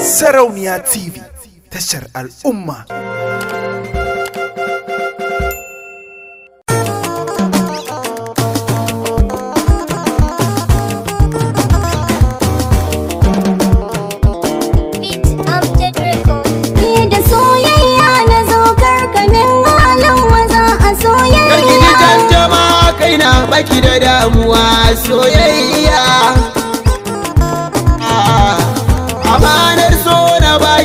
Sarauniya TV tashar al'umma. da Soyayya na zo karkamin malon waza a soyayya. Karki da jama kaina baki da damuwa soyayya.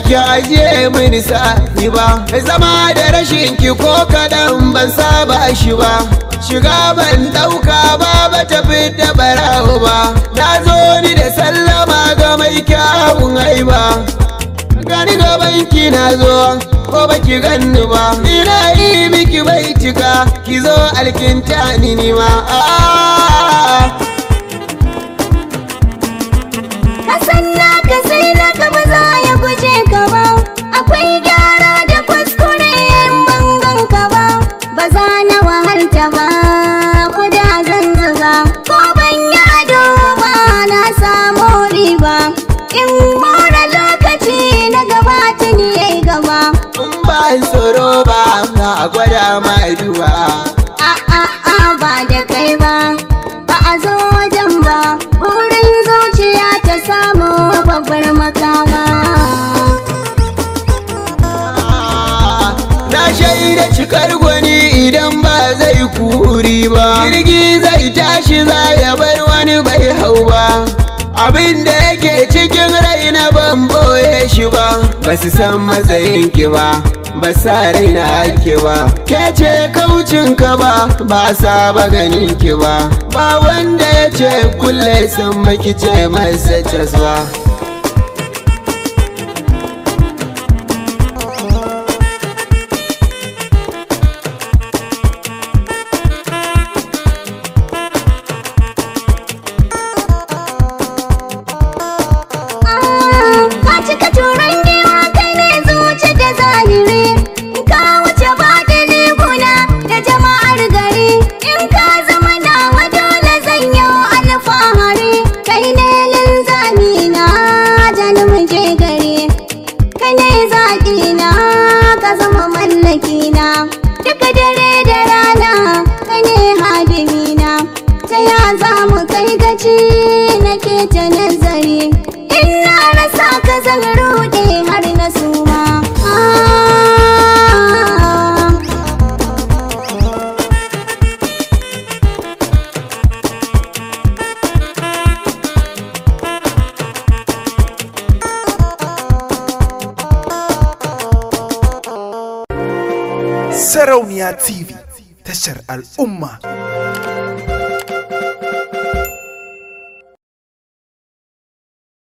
Ki aje mini sa'i ba zama da rashin ki ko kaɗan ban saba shi ba shiga ban ɗauka ba ba tafi da barawo ba na zo ni da sallama ga mai kyawun ba gani gaban ki na zo ko ki ganni ba ina yi miki bai cika ki zo alkinta ni ma abin tsoro ba na a gwada duwa. a a a ba da kai ba ba a zo wajen ba burin zuciya ta samu babbar makama na shaida cikar gwani idan ba zai kuri ba jirgi zai tashi za ya bar wani bai hau ba abin da yake cikin raina ban boye shi ba ba su san matsayin ki ba ba sa raina ake ba ke ce kaucin ka ba ba sa ba ganin ki ba ba wanda ya ce kulle san maki ce masa zuwa. ka ne zaƙi na ka zama mallakina na duka dare da rana ka ne hadimi na ta ya za mu kai gaci nake ta nazari in na rasa ka zan Sarauniya TV, tashar al'umma.